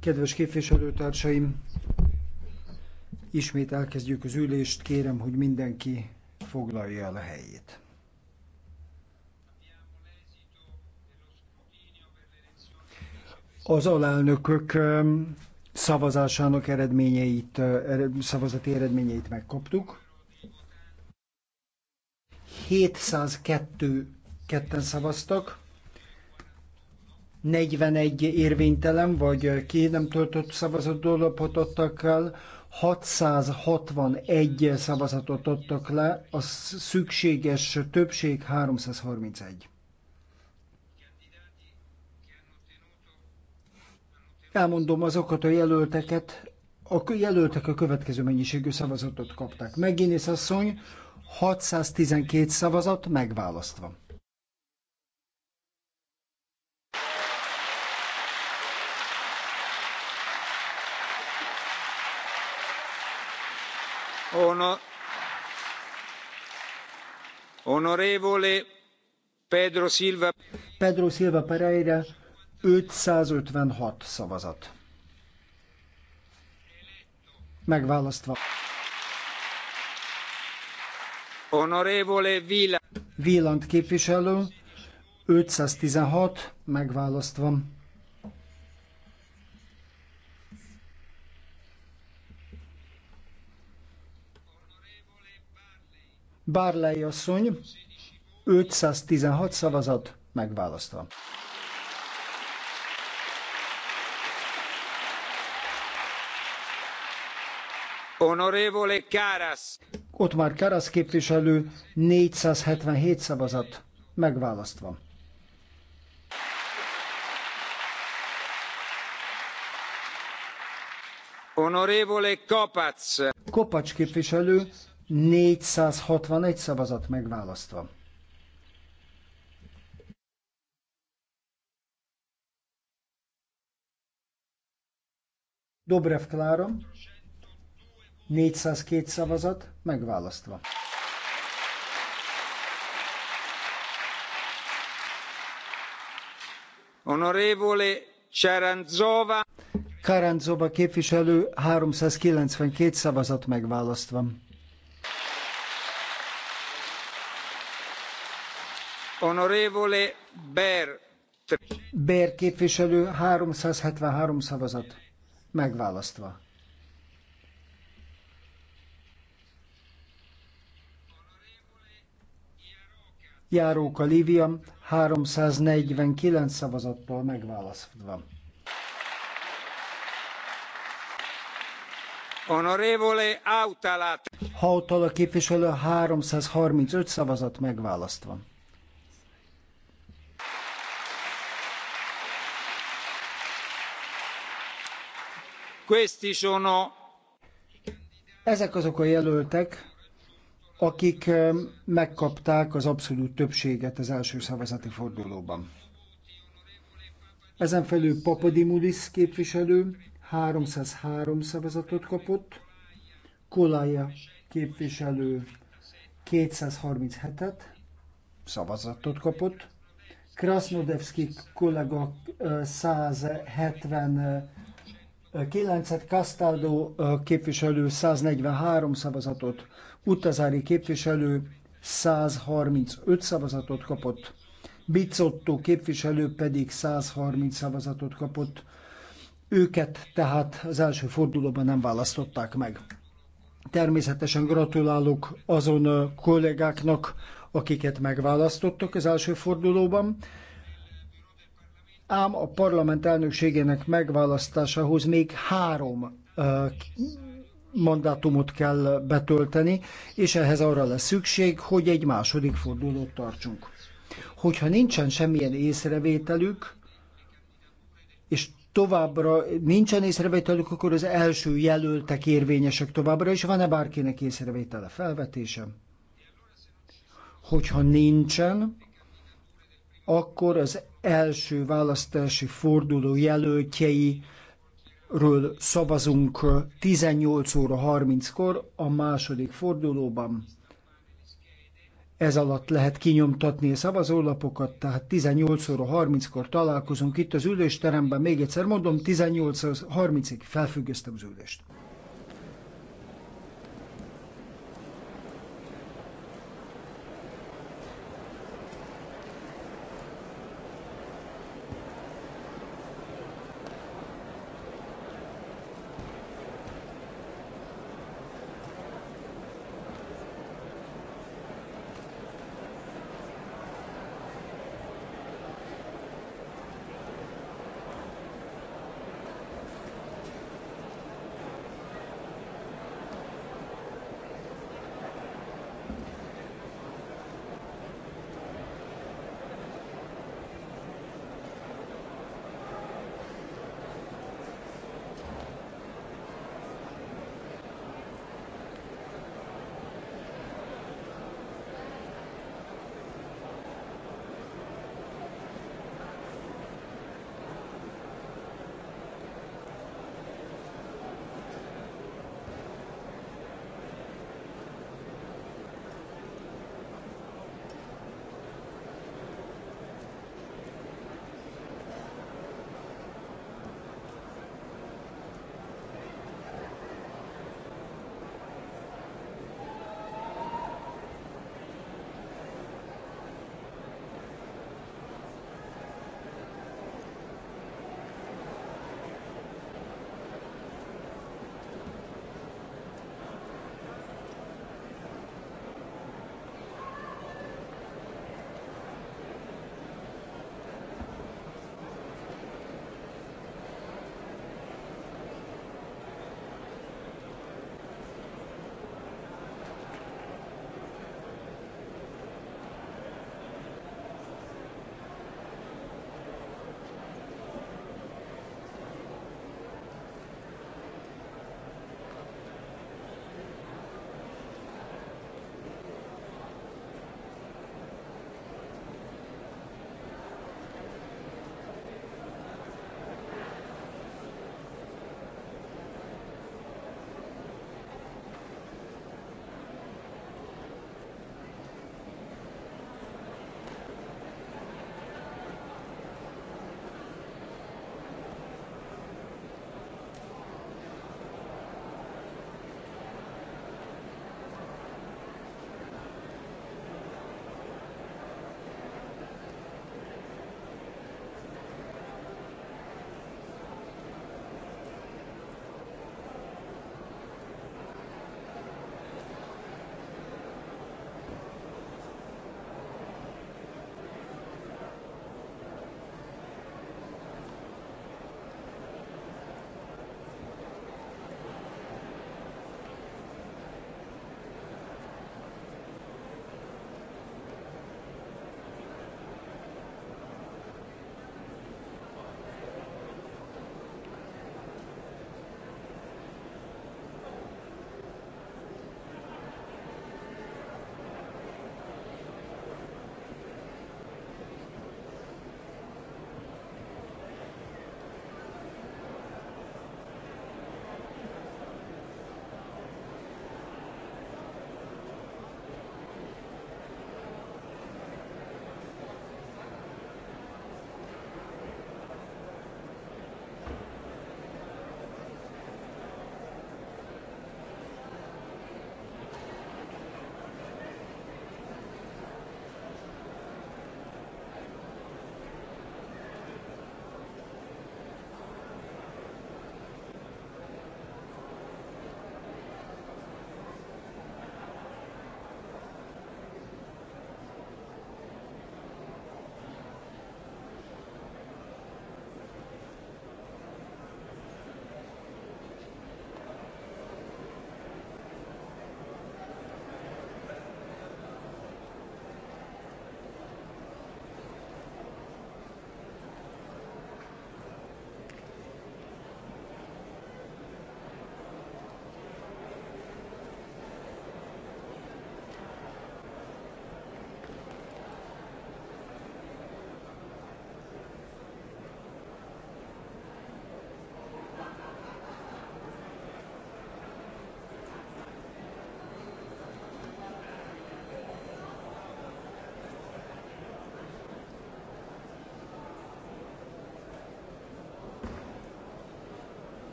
Kedves képviselőtársaim! Ismét elkezdjük az ülést, kérem, hogy mindenki foglalja el a helyét. Az alelnökök um, szavazásának eredményeit, uh, szavazati eredményeit megkaptuk. 702 ketten szavaztak, 41 érvénytelen vagy ki nem töltött szavazatot adtak el, 661 szavazatot adtak le, a szükséges többség 331. Elmondom azokat a jelölteket, a jelöltek a következő mennyiségű szavazatot kapták. Megint asszony, 612 szavazat megválasztva. Ono... Pedro Silva. Pedro Silva Pereira 556 szavazat. Megválasztva. Honorevole Vila. Víland képviselő 516 megválasztva. Bárlei asszony 516 szavazat megválasztva. Honorevole Karas. Ott már Karas képviselő 477 szavazat megválasztva. Honorevole Kopacs. Kopacs képviselő 461 szavazat megválasztva. Dobrev Klára, 402 szavazat megválasztva. Honorevole Csaranzova. Karanzova képviselő 392 szavazat megválasztva. Honorevole Ber. képviselő 373 szavazat. Megválasztva. Járóka Lívia 349 szavazatból megválasztva. Honorevole Autala. Hautala képviselő 335 szavazat megválasztva. Ezek azok a jelöltek, akik eh, megkapták az abszolút többséget az első szavazati fordulóban. Ezen felül Papadimulis képviselő 303 szavazatot kapott, Kolája képviselő 237-et szavazatot kapott, Krasnodevski kollega 170 eh, Kilencet et Castaldo képviselő 143 szavazatot, Utazári képviselő 135 szavazatot kapott, Bicotto képviselő pedig 130 szavazatot kapott. Őket tehát az első fordulóban nem választották meg. Természetesen gratulálok azon kollégáknak, akiket megválasztottak az első fordulóban ám a parlament elnökségének megválasztásához még három mandátumot kell betölteni, és ehhez arra lesz szükség, hogy egy második fordulót tartsunk. Hogyha nincsen semmilyen észrevételük, és továbbra nincsen észrevételük, akkor az első jelöltek érvényesek továbbra, és van-e bárkinek észrevétele felvetése? Hogyha nincsen, akkor az első választási forduló jelöltjei ről szavazunk 18 óra 30-kor a második fordulóban. Ez alatt lehet kinyomtatni a szavazólapokat, tehát 18 óra 30-kor találkozunk itt az ülésteremben. Még egyszer mondom, 18.30-ig felfüggesztem az ülést.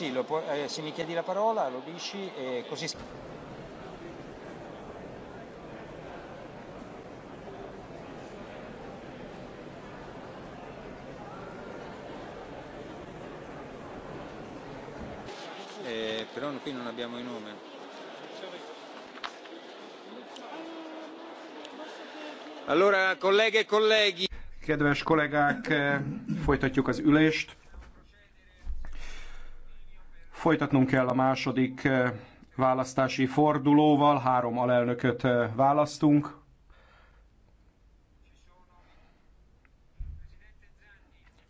sì, lo può, eh, se mi chiedi la parola lo dici e così... Eh, però qui non abbiamo i nomi. Allora, colleghe e colleghi. Kedves kollégák, eh, folytatjuk az ülést. Folytatnunk kell a második eh, választási fordulóval, három alelnököt eh, választunk.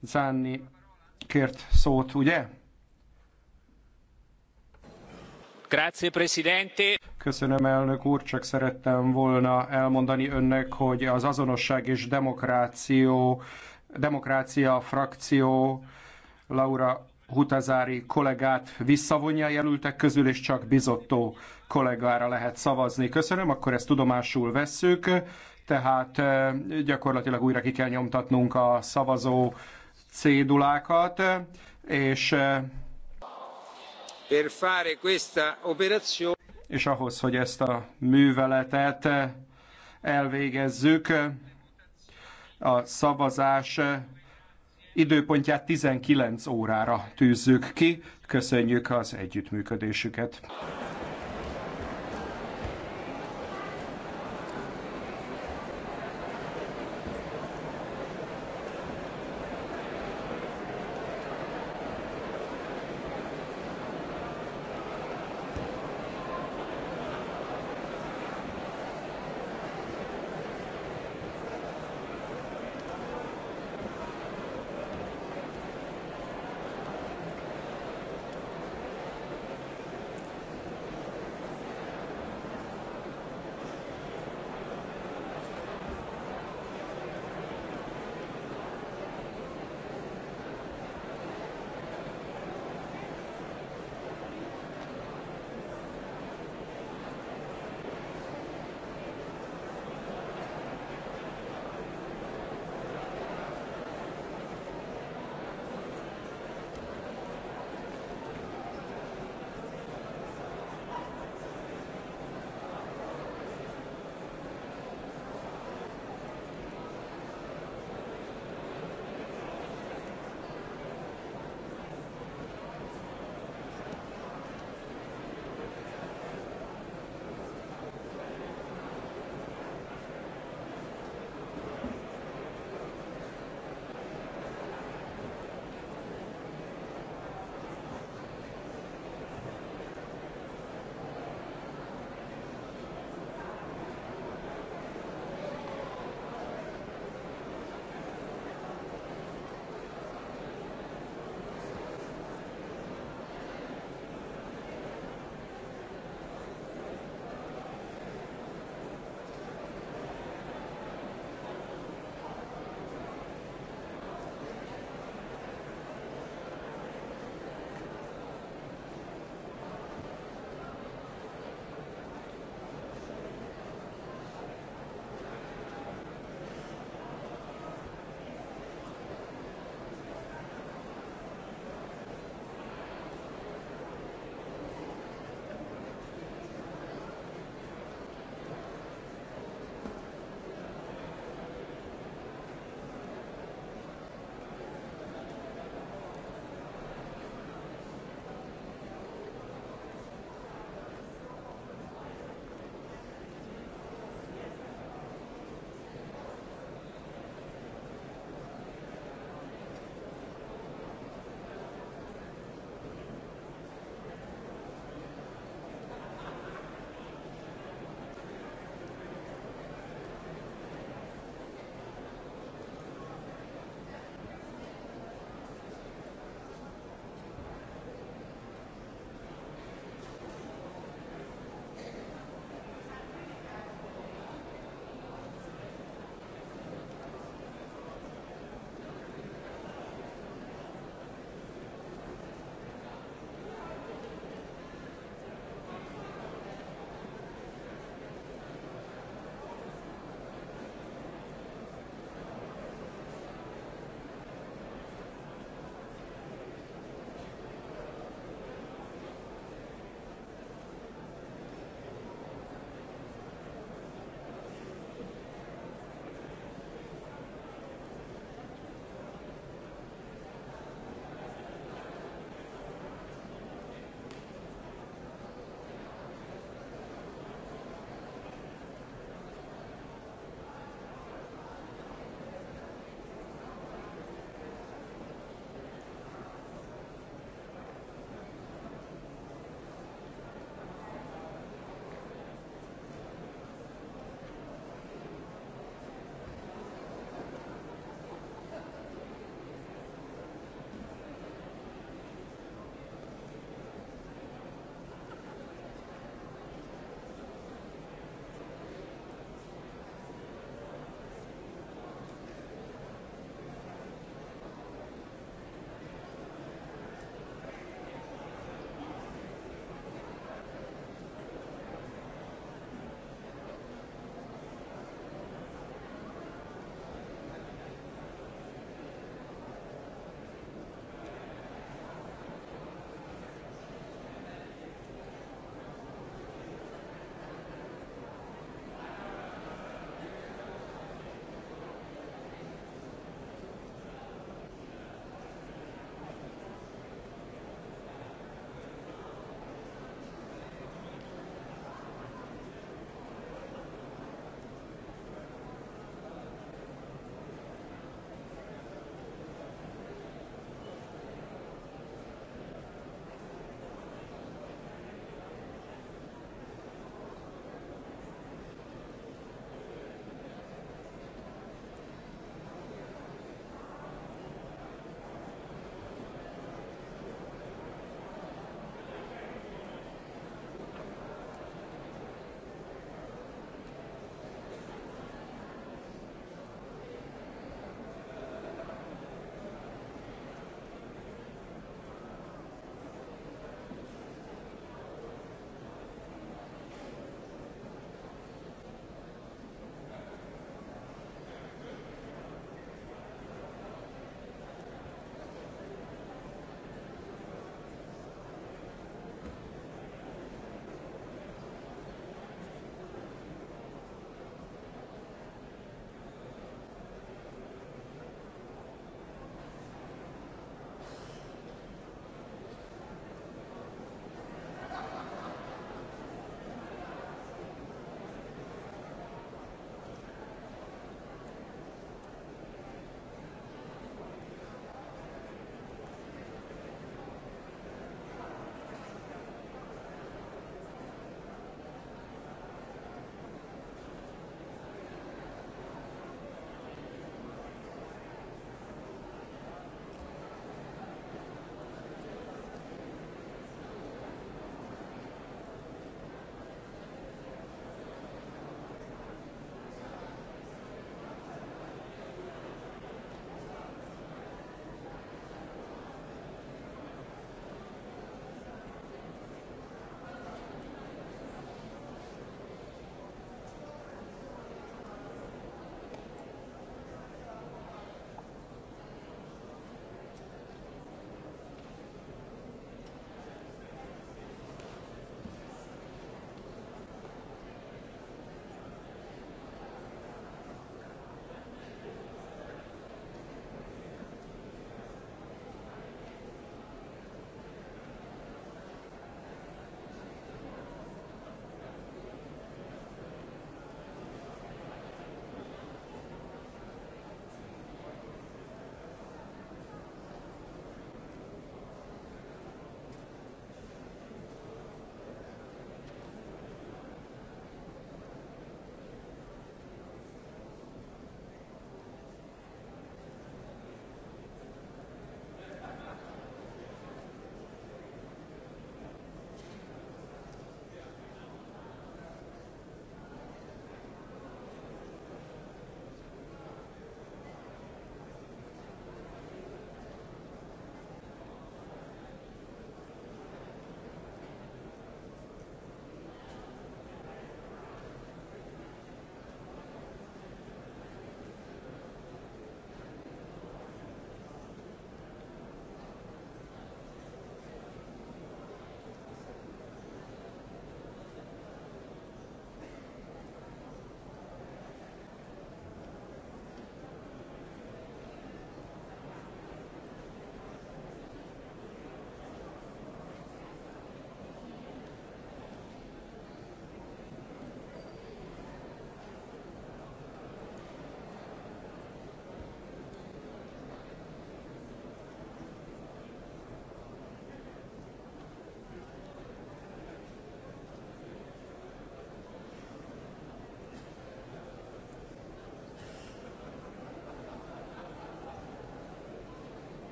Zanni kért szót, ugye? Grazie, Presidente. Köszönöm, elnök úr, csak szerettem volna elmondani önnek, hogy az Azonosság és Demokráció, Demokrácia frakció Laura Hutazári kollégát visszavonja a jelöltek közül, és csak bizottó kollégára lehet szavazni. Köszönöm, akkor ezt tudomásul vesszük, tehát eh, gyakorlatilag újra ki kell nyomtatnunk a szavazó cédulákat, és eh, per fare questa operazione és ahhoz, hogy ezt a műveletet eh, elvégezzük, a szavazás időpontját 19 órára tűzzük ki. Köszönjük az együttműködésüket!